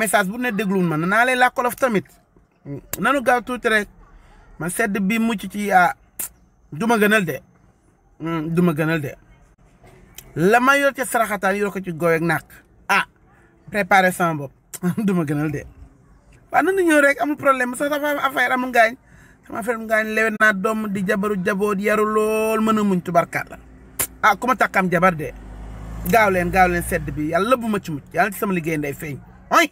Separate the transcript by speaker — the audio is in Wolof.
Speaker 1: message bu ne dégluwul ma naa leen làkkolof tamit nanu gaaw tuuti rek man sedd bi mucc ci ah du ma gënal de hmm, duma ma gënal de la ma yor ca saraxataan yor ko ci gooy ak nàkk ah préparé sama bopp du ma gënal de waaw nanu ñëw rek amul problème sax dafa am affaire amul ngaañ sama affaire amul ngaañ lewet naa doom di jabaru jaboot yaru lool mën a muñ tubarkaat la ah ku ma takkam jabar de gaaw leen gaaw leen sedd bi yàlla bu ma ci mucc yàlla ci sama liggéey ndey feeñ